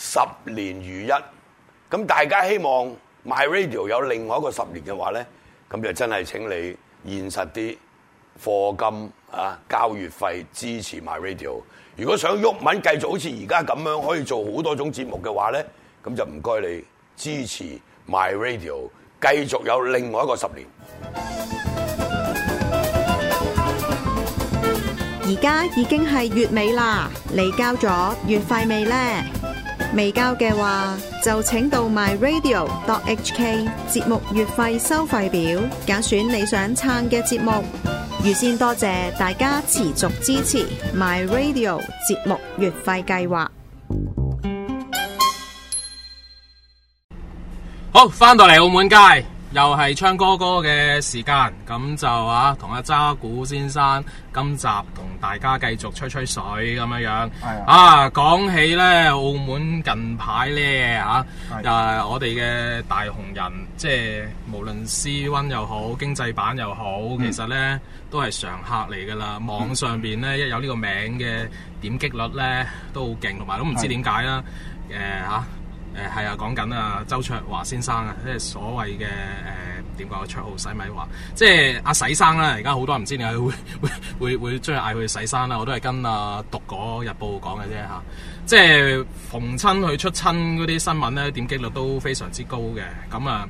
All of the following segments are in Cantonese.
十年如一，咁大家希望 My Radio 有另外一個十年嘅話呢，咁就真係請你現實啲，課金啊，交月費支持 My Radio。如果想鬱文繼續好似而家咁樣，可以做好多種節目嘅話呢，咁就唔該你支持 My Radio，繼續有另外一個十年。而家已經係月尾啦，你交咗月費未呢？未交嘅話，就請到 myradio.hk 節目月費收費表，揀選你想撐嘅節目。預先多謝大家持續支持 myradio 節目月費計劃。好，返到嚟澳門街。又係鏘哥哥嘅時間，咁就啊同阿渣古先生今集同大家繼續吹吹水咁樣樣。哎、呀啊，講起呢，澳門近排呢，啊，又係是、啊、我哋嘅大紅人，即係無論私溫又好，經濟版又好，其實呢、嗯、都係常客嚟噶啦。網上邊呢，一有呢個名嘅點擊率呢，都好勁，同埋都唔知點解啦。吓是。啊啊誒係、呃、啊，講緊啊，周焯華先生啊，即係所謂嘅誒點講啊，綽號洗米華，即係阿、啊、洗生啦、啊。而家好多人唔知點解會會會會將佢嗌去洗衫啦、啊。我都係跟啊讀嗰日報講嘅啫嚇。即係逢親佢出親嗰啲新聞咧，點擊率都非常之高嘅。咁啊，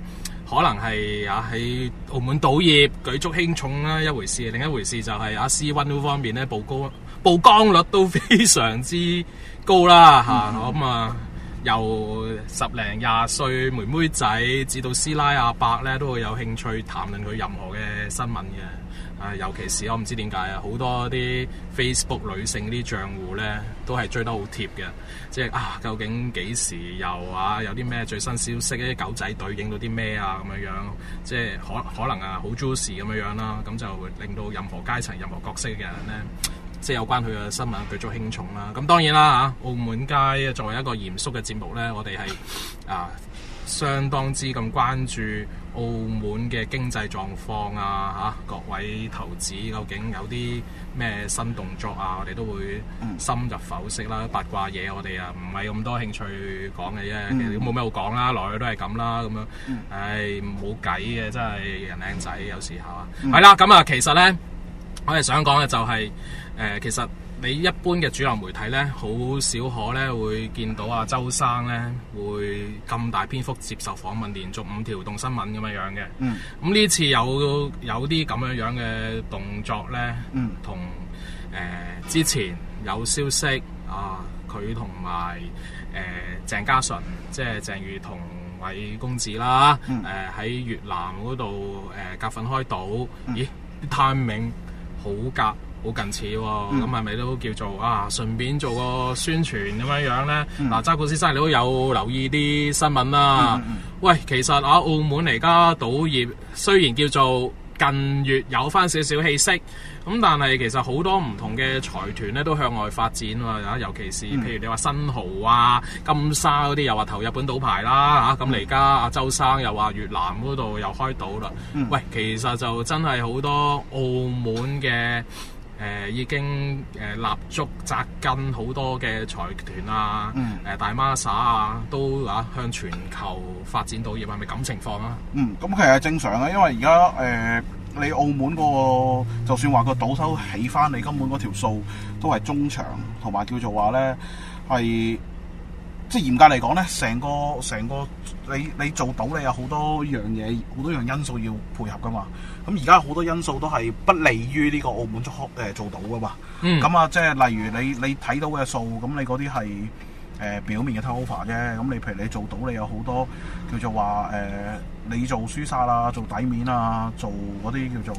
可能係啊喺澳門賭業舉足輕重啦、啊、一回事，另一回事就係阿 Suncity 方面咧，曝光曝光率都非常之高啦嚇。咁啊～由十零廿歲妹妹仔至到師奶阿伯咧，都會有興趣談論佢任何嘅新聞嘅。啊，尤其是我唔知點解啊，好多啲 Facebook 女性啲賬戶咧，都係追得好貼嘅。即係啊，究竟幾時又啊，有啲咩最新消息？啲狗仔隊影到啲咩啊？咁樣樣，即係可可能啊，好 juicy 咁樣樣啦。咁就會令到任何階層、任何角色嘅人咧。即係有關佢嘅新聞，舉足輕重啦。咁當然啦嚇，澳門街作為一個嚴肅嘅節目咧，我哋係啊相當之咁關注澳門嘅經濟狀況啊嚇、啊。各位投資究竟有啲咩新動作啊？我哋都會深入剖析啦。八卦嘢我哋啊唔係咁多興趣講嘅啫，都冇咩好講啦，來去都係咁啦咁樣。唉、哎，冇計嘅，真係人靚仔，有時候啊。係、嗯、啦，咁啊，其實咧，我哋想講嘅就係、是。誒，其實你一般嘅主流媒體咧，好少可咧會見到啊，周生咧會咁大篇幅接受訪問，連續五條動新聞咁樣樣嘅。嗯。咁呢、嗯、次有有啲咁樣樣嘅動作咧，嗯。同誒、呃、之前有消息啊，佢同埋誒鄭家純，即係鄭裕同偉公子啦，誒、呃、喺、嗯、越南嗰度誒夾份開島，嗯、咦？啲 timing 好夾。好近似喎、哦，咁係咪都叫做啊？順便做個宣傳咁樣樣呢？嗱、嗯，渣古先生你都有留意啲新聞啦、啊。嗯嗯、喂，其實啊，澳門嚟家賭業雖然叫做近月有翻少少氣息，咁但係其實好多唔同嘅財團咧都向外發展啊。尤其是譬如你話新濠啊、金沙嗰啲，又話投日本賭牌啦嚇。咁嚟家阿周生又話越南嗰度又開賭啦。喂、嗯，嗯、其實就真係好多澳門嘅。誒已經誒立足扎根好多嘅財團啊，誒、嗯呃、大媽撒啊，都啊向全球發展到業，而係咪咁情況啊嗯？嗯，咁其實正常啊，因為而家誒你澳門嗰個，就算話個賭收起翻，你根本嗰條數都係中長，同埋叫做話咧係。即係嚴格嚟講咧，成個成個你你做到咧有好多樣嘢，好多樣因素要配合噶嘛。咁而家好多因素都係不利於呢個澳門足科誒做到噶嘛。咁啊、嗯，即係例如你你睇到嘅數，咁你嗰啲係誒表面嘅 cover 啫。咁你譬如你做到，你有好多叫做話誒、呃，你做輸沙啦，做底面啦，做嗰啲叫做誒、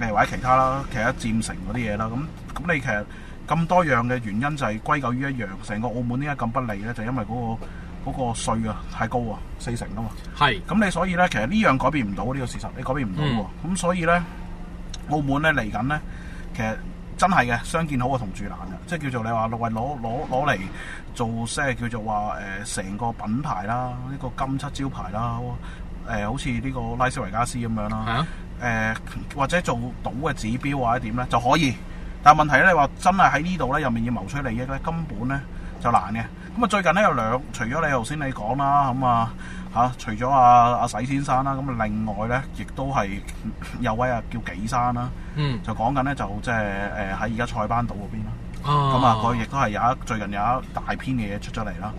呃、或者其他啦，其他佔成嗰啲嘢啦。咁咁你其實～咁多樣嘅原因就係歸咎於一樣，成個澳門呢家咁不利咧，就是、因為嗰、嗰個嗰稅啊太高啊，四成噶嘛。係是。咁你所以咧，其實呢樣改變唔到呢個事實，你改變唔到喎。咁、嗯、所以咧，澳門咧嚟緊咧，其實真係嘅，相見好過同住難嘅，即係叫做你話六位攞攞攞嚟做些叫做話誒成個品牌啦，呢、這個金漆招牌啦，誒好似呢個拉斯維加斯咁樣啦，誒、啊呃、或者做賭嘅指標或者點咧就可以。但係問題咧，你話真係喺呢度咧，入面要謀取利益咧，根本咧就是、難嘅。咁啊，最近咧有兩，除咗你頭先你講啦，咁啊嚇，除咗阿阿洗先生啦，咁啊另外咧，亦都係有位啊叫紀山啦，嗯，啊啊啊啊、嗯呢 就講緊咧就即係誒喺而家塞班島嗰邊啦。咁啊佢亦都係有一最近有一大篇嘅嘢出咗嚟啦。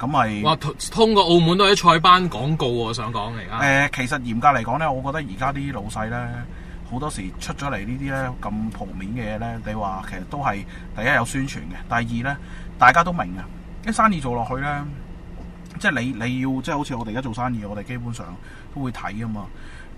咁、嗯、咪、就是、哇，通過澳門都係塞班廣告我、啊、想講而家。誒、呃，其實嚴格嚟講咧，我覺得而家啲老細咧。Mm 嗯好多時出咗嚟呢啲咧咁破面嘅嘢咧，你話其實都係第一有宣傳嘅，第二咧大家都明啊。一生意做落去咧，即係你你要即係好似我哋而家做生意，我哋基本上都會睇啊嘛。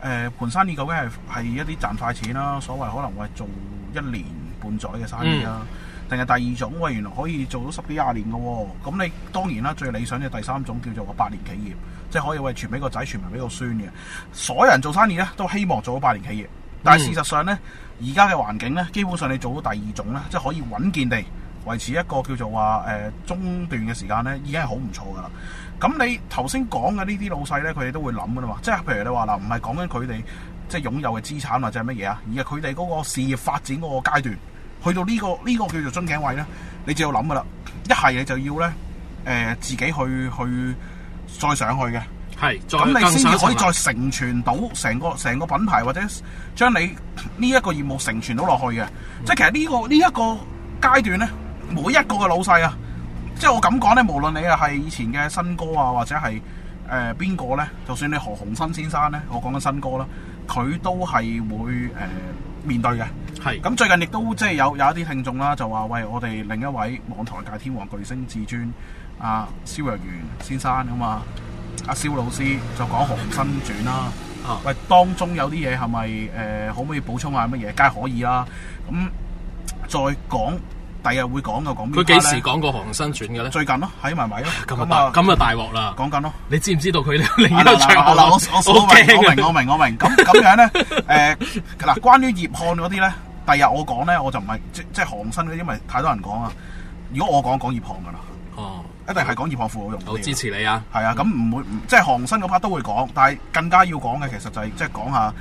誒、呃，盤生意究竟係係一啲賺快錢啦、啊，所謂可能我係做一年半載嘅生意啦、啊，定係、嗯、第二種喂，原來可以做到十幾廿年嘅喎、啊。咁你當然啦，最理想嘅第三種叫做個百年企業，即係可以喂傳俾個仔，傳埋俾個孫嘅。所有人做生意咧都希望做到百年企業。但係事實上咧，而家嘅環境咧，基本上你做到第二種咧，即係可以穩健地維持一個叫做話誒、呃、中段嘅時間咧，已經係好唔錯噶啦。咁你頭先講嘅呢啲老細咧，佢哋都會諗噶啦嘛。即係譬如你話嗱，唔係講緊佢哋即係擁有嘅資產或者係乜嘢啊，而係佢哋嗰個事業發展嗰個階段，去到呢、呢個呢、呢個叫做樽頸位咧，你就要諗噶啦。一係你就要咧誒、呃、自己去去再上去嘅。係，咁你先至可以再成傳到成個成個品牌，或者將你呢一個業務成傳到落去嘅。嗯、即係其實、這個這個、呢個呢一個階段咧，每一個嘅老細啊，即係我咁講咧，無論你係以前嘅新歌啊，或者係誒邊個咧，就算你何鴻燊先生咧，我講緊新歌啦，佢都係會誒、呃、面對嘅。係是，咁最近亦都即係有有一啲聽眾啦，就話喂，我哋另一位網台界天王巨星至尊阿、呃、蕭若元先生啊嘛。阿肖老師就講《寒生傳》啦，喂，當中有啲嘢係咪誒，可唔可以補充下乜嘢？梗係可以啦，咁、嗯、再講，第日會講嘅，講邊？佢幾時講過《寒生傳》嘅咧？最近咯，喺埋咪咯，咁啊，咁啊大鑊啦！講緊咯，你知唔知道佢另一場我明害我明我明咁咁 樣咧，誒、呃、嗱，關於葉漢嗰啲咧，第日我講咧，我就唔係即即係寒生嘅，因為太多人講啊，如果我講講葉漢噶啦。哦，一定係講葉項副好用、嗯，我支持你啊，係啊，咁唔、嗯嗯、會，即係行新嗰 part 都會講，但係更加要講嘅其實就係即係講下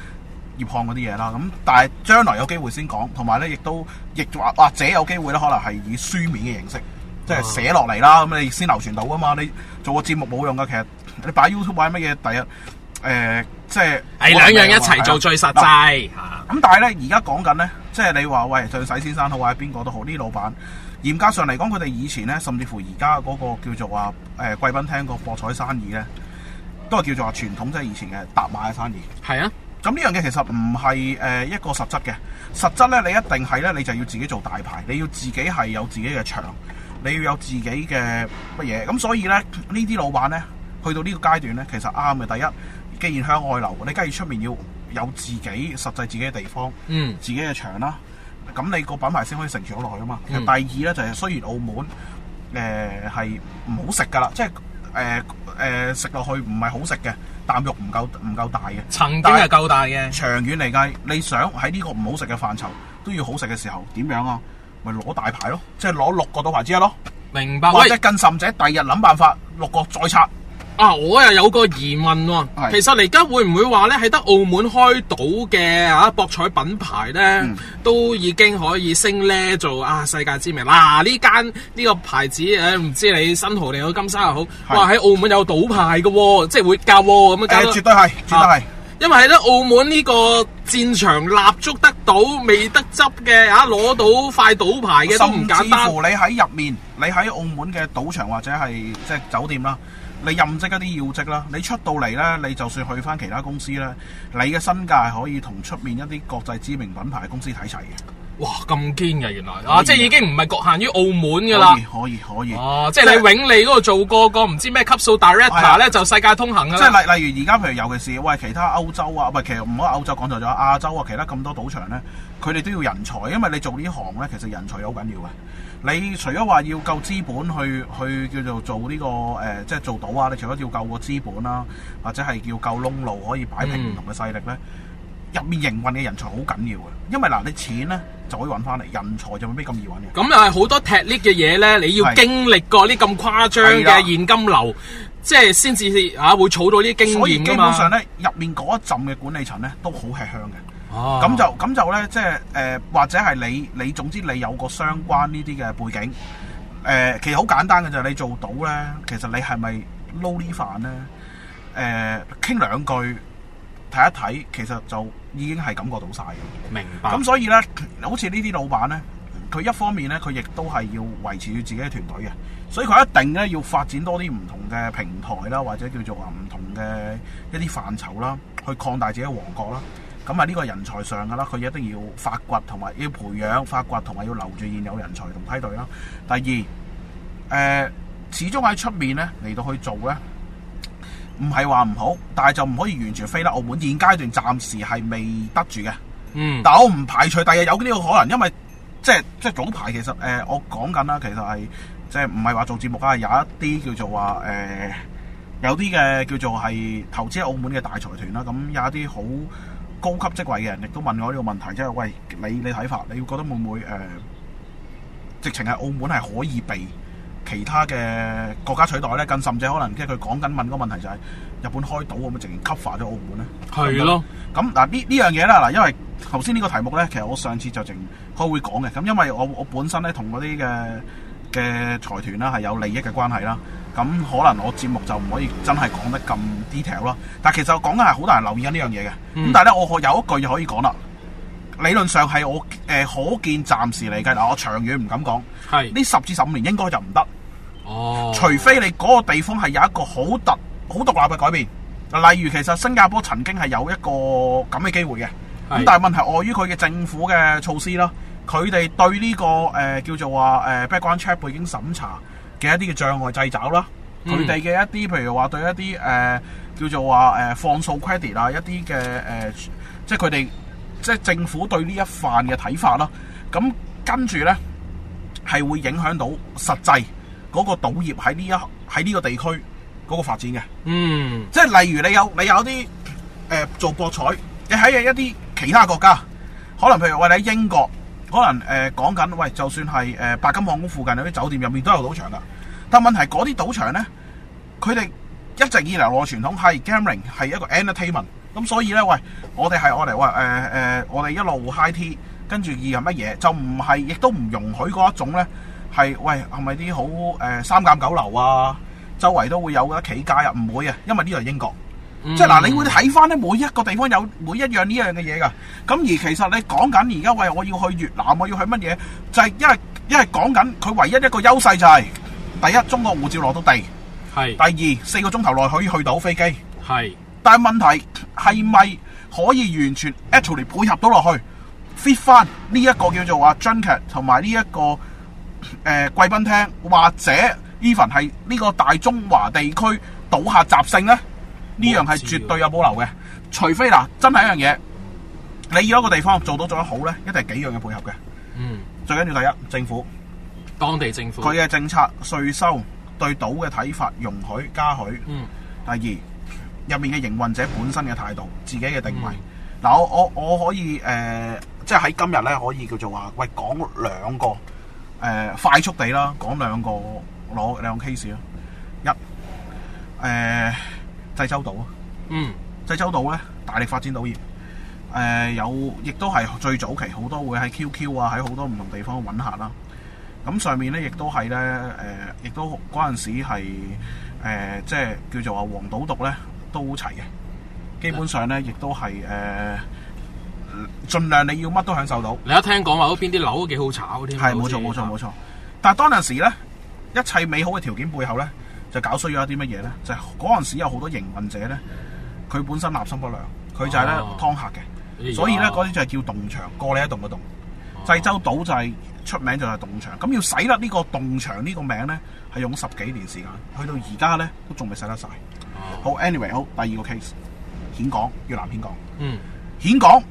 葉項嗰啲嘢啦，咁但係將來有機會先講，同埋咧亦都亦或或者有機會咧，可能係以書面嘅形式即係寫落嚟啦，咁、就是哦、你先流傳到啊嘛，你做個節目冇用噶，其實你擺 YouTube 擺乜嘢，第一誒即係係兩樣一齊做最實際吓，咁、嗯、但係咧而家講緊咧，即係你話喂，洗先生好啊，邊個都好呢啲老闆。嚴格上嚟講，佢哋以前咧，甚至乎而家嗰個叫做話誒、呃、貴賓廳個博彩生意咧，都係叫做話傳統，即係以前嘅搭馬嘅生意。係啊，咁呢樣嘢其實唔係誒一個實質嘅實質咧，你一定係咧，你就要自己做大牌，你要自己係有自己嘅場，你要有自己嘅乜嘢。咁所以咧，呢啲老闆咧，去到呢個階段咧，其實啱嘅。第一，既然向外流，你梗係出面要有自己實際自己嘅地方，嗯，自己嘅場啦。咁你個品牌先可以成長落去啊嘛。嗯、第二咧就係、是、雖然澳門誒係唔好食噶啦，即係誒誒食落去唔係好食嘅，啖肉唔夠唔夠大嘅，屢屢係夠大嘅，長遠嚟計，你想喺呢個唔好食嘅範疇都要好食嘅時候，點樣啊？咪攞大牌咯，即係攞六個大牌之一咯。明白。或者更甚者，第日諗辦法六個再拆。啊！我又有個疑問喎，其實而家會唔會話呢？喺得澳門開賭嘅啊博彩品牌呢，都已經可以升呢做啊世界知名嗱？呢間呢個牌子誒，唔知你新濠定好金沙又好，哇！喺澳門有賭牌嘅，即係會夠咁啊！誒，絕對係，絕對係，因為喺得澳門呢個戰場立足得到，未得執嘅啊，攞到塊賭牌嘅都唔簡單。甚至乎你喺入面，你喺澳門嘅賭場或者係即係酒店啦。你任職一啲要職啦，你出到嚟咧，你就算去返其他公司咧，你嘅身價係可以同出面一啲國際知名品牌公司睇齊嘅。哇，咁堅嘅，原來啊，即係已經唔係局限於澳門㗎啦。可以可以，哦，啊、即係你永利嗰度做過個唔知咩級數 director 咧的，就世界通行㗎啦。即係例、例如而家譬如尤其是喂，其他歐洲啊，唔其實唔好歐洲講就咗亞洲啊，其他咁多賭場咧，佢哋都要人才，因為你做行呢行咧，其實人才好緊要嘅。你除咗話要夠資本去去叫做做呢、呢個誒、呃，即係做賭啊，你除咗要夠個資本啦、啊，或者係要夠窿路可以擺平唔同嘅勢力咧。嗯入面營運嘅人才好緊要嘅，因為嗱，你錢咧就可以搵翻嚟，人才就冇咩咁易搵嘅。咁又係好多踢 lift 嘅嘢咧，你要經歷過啲咁誇張嘅現金流，的即係先至吓會儲到啲經驗。所以基本上咧，入面嗰一陣嘅管理層咧都好吃香嘅。哦、啊，咁就咁就咧，即係誒、呃，或者係你你，你總之你有個相關呢啲嘅背景，誒、呃，其實好簡單嘅就咋、是，你做到咧，其實你係咪撈呢飯咧？誒、呃，傾兩句。睇一睇，其實就已經係感覺到晒嘅。明白。咁所以呢，好似呢啲老闆呢，佢一方面呢，佢亦都係要維持住自己嘅團隊嘅，所以佢一定呢要發展多啲唔同嘅平台啦，或者叫做話唔同嘅一啲範疇啦，去擴大自己嘅王國啦。咁啊，呢個人才上嘅啦，佢一定要發掘同埋要培養，發掘同埋要留住現有人才同梯隊啦。第二，誒、呃，始終喺出面呢嚟到去做呢。唔係話唔好，但係就唔可以完全飛得，澳門現階段暫時係未得住嘅。嗯，但係我唔排除第日有呢個可能，因為即係即係早排其實誒、呃，我講緊啦，其實係即係唔係話做節目啊、呃，有一啲叫做話誒，有啲嘅叫做係投資喺澳門嘅大財團啦，咁有一啲好高級職位嘅人亦都問我呢個問題，即係喂，你你睇法，你覺得會唔會誒、呃、直情係澳門係可以避？其他嘅國家取代咧，更甚至可能即係佢講緊問個問題就係、是、日本開島咁，咪直接吸咗澳門咧？係咯的，咁嗱、嗯、呢呢樣嘢咧嗱，因為頭先呢個題目咧，其實我上次就淨開會講嘅，咁因為我我本身咧同嗰啲嘅嘅財團啦係有利益嘅關係啦，咁、嗯、可能我節目就唔可以真係講得咁 detail 咯，但係其實講緊係好多人留意緊、嗯、呢樣嘢嘅，咁但係咧我有一句嘢可以講啦，理論上係我誒、呃、可見暫時嚟計，嗱我長遠唔敢講，係呢十至十五年應該就唔得。除非你嗰個地方係有一個好特好獨立嘅改變，例如其實新加坡曾經係有一個咁嘅機會嘅，咁是但係問題礙於佢嘅政府嘅措施啦，佢哋對呢、這個誒、呃、叫做話誒、呃、background check 背景審查嘅一啲嘅障礙掣肘啦，佢哋嘅一啲譬如話對一啲誒、呃、叫做話誒、呃、放數 credit 啊一啲嘅誒即係佢哋即係政府對呢一範嘅睇法啦，咁跟住咧係會影響到實際。嗰個賭業喺呢一喺呢個地區嗰個發展嘅，嗯，即係例如你有你有啲誒、呃、做博彩，你喺一啲其他國家，可能譬如我哋喺英國，可能誒、呃、講緊喂，就算係誒、呃、白金漢宮附近有啲酒店入面都有賭場噶，但問題嗰啲賭場咧，佢哋一直以來我傳統係 gaming 係一個 entertainment，咁所以咧喂，我哋係我哋話誒誒，我哋一路 high tea，跟住二係乜嘢，就唔係亦都唔容許嗰一種咧。係喂，係咪啲好誒、呃、三教九流啊？周圍都會有噶，企街啊唔會啊，因為呢度係英國，mm. 即係嗱、呃，你會睇翻咧，每一個地方有每一樣呢樣嘅嘢噶。咁而其實你講緊而家喂，我要去越南，我要去乜嘢？就係因為因為講緊佢唯一一個優勢就係、是、第一，中國護照攞到地；係是第二，四個鐘頭內可以去到飛機；係是但係問題係咪可以完全 actually 配合到落去 fit 翻呢一個叫做 junket 同埋呢一個？誒，貴賓廳或者 even 係呢個大中華地區賭客習性咧，呢樣係絕對有保留嘅。除非嗱、啊，真係一樣嘢，你要一個地方做到做得好咧，一定係幾樣嘅配合嘅。嗯，最緊要第一，政府、當地政府，佢嘅政策、稅收對賭嘅睇法容許、容許、加許。嗯，第二入面嘅營運者本身嘅態度、自己嘅定位。嗱、嗯嗯啊，我我我可以誒、呃，即係喺今日咧，可以叫做話喂，講兩個。誒、呃、快速地啦，講兩個攞兩個 case 啊。一誒濟州島啊，嗯，濟州島咧、嗯、大力發展賭業，誒、呃、有亦都係最早期好多會喺 QQ 啊，喺好多唔同地方揾下啦。咁上面咧亦都係咧誒，亦都嗰陣、呃、時係、呃、即係叫做話黃賭毒咧都齊嘅，基本上咧亦都係誒。呃盡量你要乜都享受到。你一聽講話嗰邊啲樓都幾好炒啲係，冇錯冇錯冇錯。但係當陣時咧，一切美好嘅條件背後咧，就搞衰咗一啲乜嘢咧？就嗰、是、陣時有好多營運者咧，佢本身立心不良，佢就係咧劏客嘅。所以咧，嗰啲、啊、就係叫凍場，過你一凍嘅凍。濟州島就係、是、出名就係凍場。咁要洗甩呢個凍場呢個名咧，係用十幾年時間，去到而家咧都仲未洗得晒。啊、好，anyway，好第二個 case，峴港越南峴港。嗯，峴港。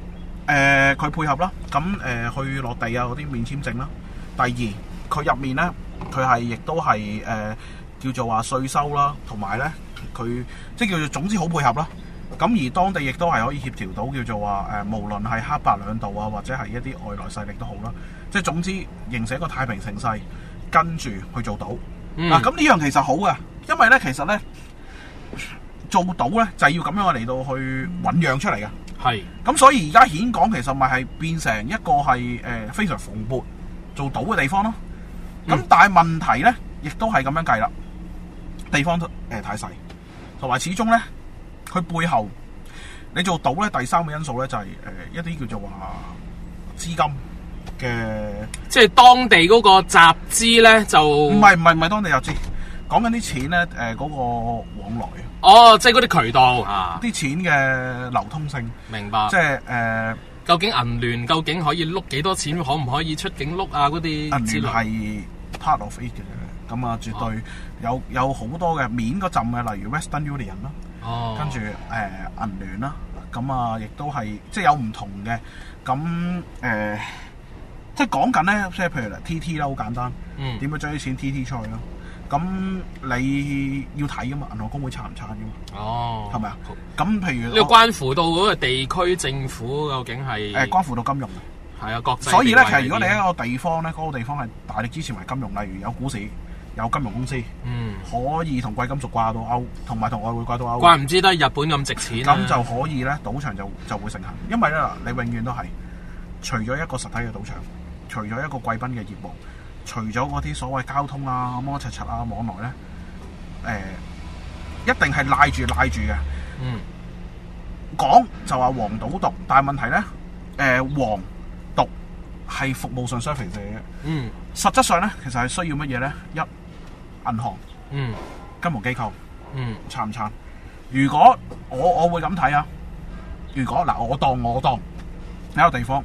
誒佢、呃、配合啦，咁、呃、誒去落地啊嗰啲免簽證啦。第二佢入面咧，佢係亦都係誒、呃、叫做話稅收啦，同埋咧佢即係叫做總之好配合啦。咁而當地亦都係可以協調到叫做話誒、呃，無論係黑白兩道啊，或者係一啲外來勢力都好啦。即係總之形成一個太平盛世，跟住去做到嗱。咁呢、嗯啊、樣其實好嘅，因為咧其實咧做到咧就係、是、要咁樣嘅嚟到去醖釀出嚟嘅。係，咁是所以而家顯港其實咪係變成一個係誒非常蓬勃做賭嘅地方咯、啊。咁、嗯、但係問題咧，亦都係咁樣計啦。地方誒、呃、太細，同埋始終咧，佢背後你做賭咧，第三個因素咧就係、是、誒、呃、一啲叫做話資金嘅，即係當地嗰個集資咧就唔係唔係唔係當地集資，講緊啲錢咧誒嗰個往來。哦，oh, 即係嗰啲渠道，啲、啊、錢嘅流通性，明白？即係誒，呃、究竟銀聯究竟可以碌幾多錢，呃、可唔可以出境碌啊？嗰啲銀聯係 part of it 嘅，咁啊，絕對有、啊、有好多嘅面嗰陣嘅，例如 Western Union 啦，哦，跟住誒銀聯啦，咁啊，亦、呃、都係即係有唔同嘅，咁誒，即係講緊咧，即係譬如啦，T T 啦，好簡單，嗯，點、嗯、樣將啲錢 T T 出去咯？咁你要睇噶嘛，銀行公會差唔差噶嘛？哦，係咪啊？咁譬如，呢個關乎到嗰個地區政府究竟係誒、呃、關乎到金融，係啊，國際。所以咧，其實如果你喺一個地方咧，嗰、嗯、個地方係大力支持埋金融，例如有股市、有金融公司，嗯，可以同貴金屬掛到鈎，同埋同外匯掛到鈎。怪唔知得日本咁值錢，咁就可以咧，賭場就就會盛行。因為咧，你永遠都係除咗一個實體嘅賭場，除咗一個貴賓嘅業務。除咗嗰啲所謂交通啊、摩擦擦啊、網絡咧，誒、呃，一定係賴住賴住嘅。嗯，講就話黃賭毒，但問題咧，誒、呃，黃毒係服務上雙肥蔗嘅。嗯，實質上咧，其實係需要乜嘢咧？一銀行，嗯，金融機構，嗯，撐唔撐？如果我我會咁睇啊！如果嗱，我當我當喺個地方。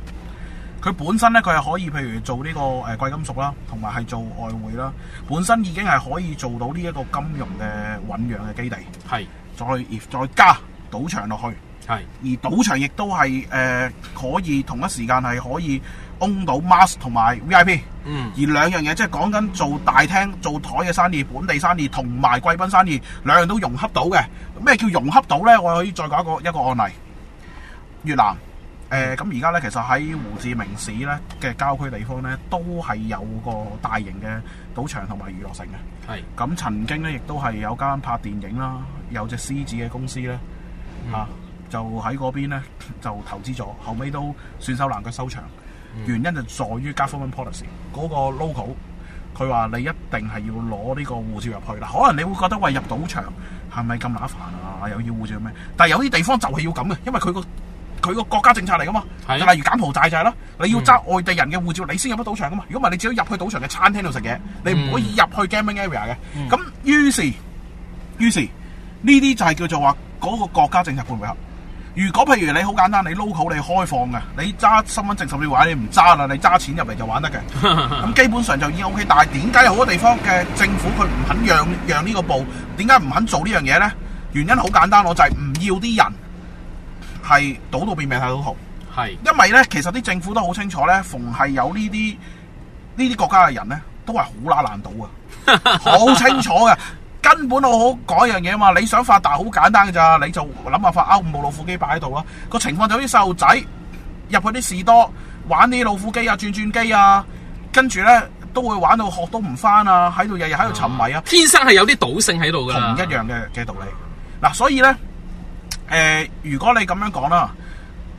佢本身咧，佢係可以，譬如做呢、這個誒貴、呃、金屬啦，同埋係做外匯啦，本身已經係可以做到呢一個金融嘅醖釀嘅基地。係是再再加賭場落去。係是而賭場亦都係誒可以同一時間係可以 on 到 mass 同埋 VIP。嗯。而兩樣嘢即係講緊做大廳做台嘅生意、本地生意同埋貴賓生意，兩樣都融合到嘅。咩叫融合到咧？我可以再講一個一個案例，越南。誒，咁而家咧，其實喺胡志明市咧嘅郊區地方咧，都係有個大型嘅賭場同埋娛樂城嘅。係是。咁曾經咧，亦都係有間拍電影啦，有隻獅子嘅公司咧，嗯、啊，就喺嗰邊咧，就投資咗，後尾都算收難佢收場。嗯、原因就在於 government policy 嗰個 local 佢話你一定係要攞呢個護照入去啦。可能你會覺得喂，入賭場係咪咁麻煩啊？又要護照咩？但係有啲地方就係要咁嘅，因為佢個。佢個國家政策嚟噶嘛？啊、例如柬埔寨就係咯，你要揸外地人嘅護照，嗯、你先入得賭場噶嘛。如果唔係，你只要入去賭場嘅餐廳度食嘢，嗯、你唔可以入去 gaming area 嘅。咁、嗯、於是於是呢啲就係叫做話嗰個國家政策配唔配合。如果譬如你好簡單，你 local 你開放嘅，你揸身份證甚至話你唔揸啦，你揸錢入嚟就玩得嘅。咁 基本上就已經 OK。但係點解好多地方嘅政府佢唔肯讓讓呢個步？點解唔肯做呢樣嘢咧？原因好簡單，我就係唔要啲人。係賭到變命都好，係是，因為咧，其實啲政府都好清楚咧，逢係有呢啲呢啲國家嘅人咧，都係好乸難賭嘅，好 清楚嘅，根本我好講樣嘢啊嘛，你想發達好簡單嘅咋，你就諗下法勾冇老虎機擺喺度啦，個情況就好似細路仔入去啲士多玩啲老虎機啊、轉轉機啊，跟住咧都會玩到學都唔翻啊，喺度日日喺度沉迷啊，天生係有啲賭性喺度嘅。同一樣嘅嘅道理，嗱，所以咧。誒、呃，如果你咁樣講啦，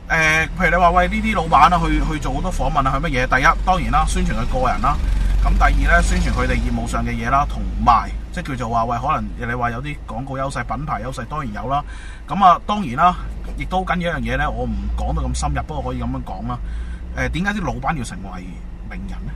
誒、呃，譬如你話喂呢啲老闆啦、啊、去去做好多訪問啊，係乜嘢？第一，當然啦，宣傳佢個人啦。咁第二咧，宣傳佢哋業務上嘅嘢啦，同埋即係叫做話喂，可能你話有啲廣告優勢、品牌優勢，當然有啦。咁啊，當然啦，亦都緊要一樣嘢咧，我唔講到咁深入，不過可以咁樣講啦。誒、呃，點解啲老闆要成為名人咧？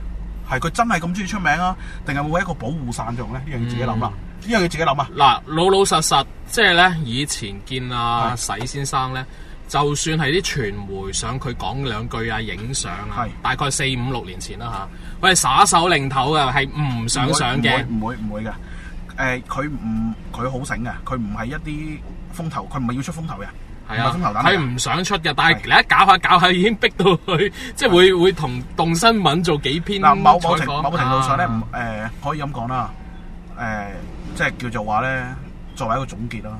係佢真係咁中意出名啊？定係會一個保護傘用咧？呢樣要自己諗啦。因為佢自己諗啊！嗱，老老實實即係咧，以前見阿是洗先生咧，就算係啲傳媒想佢講兩句啊，影相啊，是大概四五六年前啦吓，佢係耍手擰頭啊，係唔想上鏡，唔會唔會嘅。誒，佢唔佢好醒嘅，佢唔係一啲風頭，佢唔係要出風頭嘅，係啊，佢唔想出嘅。但係你是一搞一下搞下，已經逼到佢，即係會的會，會同動新聞做幾篇某。某某程，某程度上咧，誒、呃，可以咁講啦，誒、呃。呃呃呃呃呃即係叫做話咧，作為一個總結啦，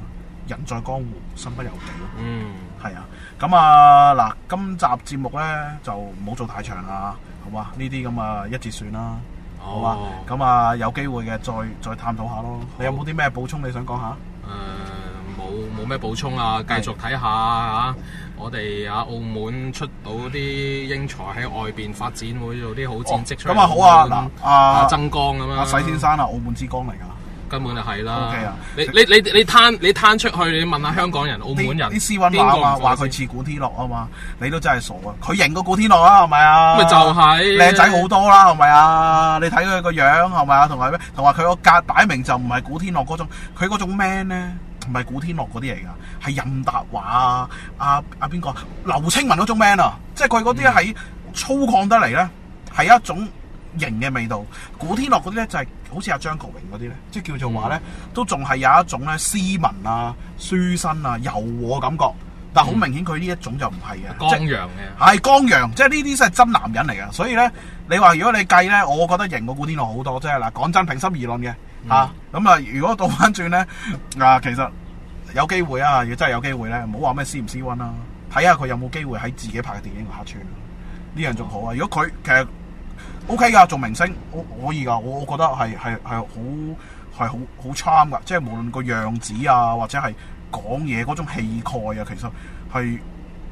人在江湖，身不由己咯。嗯，係啊。咁啊嗱，今集節目咧就唔好做太長啦，好嘛？呢啲咁啊一節算啦，好啊。咁啊有機會嘅再再探討下咯。你有冇啲咩補充你想講下？誒，冇冇咩補充啊？繼續睇下啊！我哋啊澳門出到啲英才喺外邊發展，會做啲好戰績出嚟。咁啊好啊嗱，阿曾光咁啊，阿洗先生啊，澳門之光嚟噶。根本就係啦係啊，你你你你攤你攤出去，你問下香港人、澳門人，啲斯文話話佢似古天樂啊嘛，你都真係傻啊！佢型過古天樂啊啊啊，係咪啊？咪就係靚仔好多啦、啊，係咪啊？你睇佢個樣係咪啊？同埋咩？同埋佢個格擺明就唔係古天樂嗰種，佢嗰種 man 咧，唔係古天樂嗰啲嚟㗎，係任達華啊阿啊邊個、啊啊啊啊？劉青雲嗰種 man 啊，即係佢嗰啲喺粗獷得嚟咧，係一種型嘅味道。古天樂嗰啲咧就係、係。好似阿張國榮嗰啲咧，即係叫做話咧，嗯、都仲係有一種咧斯文啊、書生啊、柔和感覺，但好明顯佢呢一種就唔係嘅，江陽嘅係江陽，即係呢啲真係真男人嚟嘅。所以咧，你話如果你計咧，我覺得型過古天樂好多，即係嗱，講真平心而論嘅吓。咁、嗯、啊，如果倒翻轉咧啊，其實有機會啊，如果真係有機會咧，唔好話咩 C 唔 C 溫啦，睇下佢有冇機會喺自己拍嘅電影度客串。呢樣仲好啊，嗯、如果佢其實。O K 噶，做明星我可以噶，我我覺得係係係好係好好 charm 噶，即係無論個樣子啊，或者係講嘢嗰種氣概啊，其實係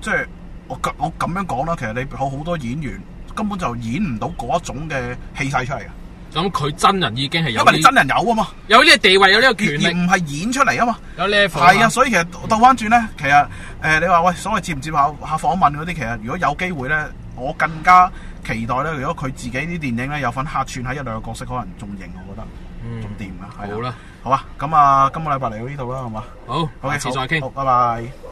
即係我我咁樣講啦。其實你有好多演員根本就演唔到嗰一種嘅氣勢出嚟噶。咁佢真人已經係，因為你真人有啊嘛，有呢個地位，有呢個權力，唔係演出嚟啊嘛。有呢份係啊，所以其實倒翻轉咧，其實誒、呃，你話喂，所謂接唔接下訪問嗰啲，其實如果有機會咧。我更加期待咧，如果佢自己啲電影咧有份客串喺一兩個角色，可能仲型，我覺得，嗯，仲掂啊，係啊。好啦，好啊，咁啊，今個禮拜嚟到呢度啦，好嘛，好，好嘅。下次再傾，拜拜。